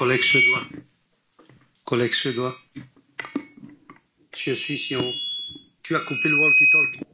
Collègue suédois. Collègue suédois. Je suis on Tu as coupé le walkie-talkie.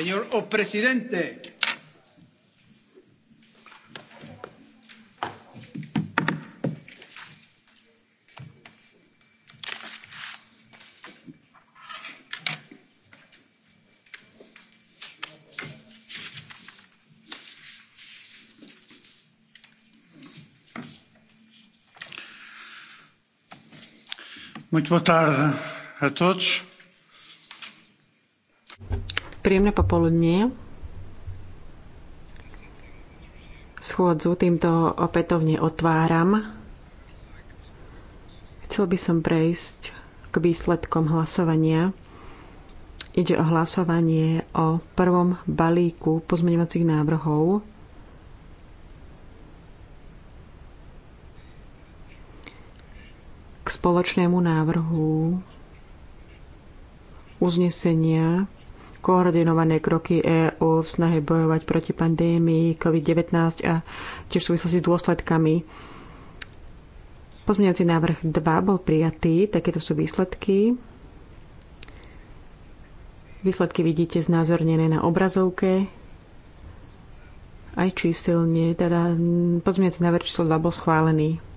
Señor o presidente. a todos. Príjemné popoludnie. Schôdzu týmto opätovne otváram. Chcel by som prejsť k výsledkom hlasovania. Ide o hlasovanie o prvom balíku pozmeňovacích návrhov. K spoločnému návrhu uznesenia koordinované kroky EÚ v snahe bojovať proti pandémii COVID-19 a tiež v súvislosti s dôsledkami. Pozmeňujúci návrh 2 bol prijatý, takéto sú výsledky. Výsledky vidíte znázornené na obrazovke aj číselne, teda pozmeňujúci návrh číslo 2 bol schválený.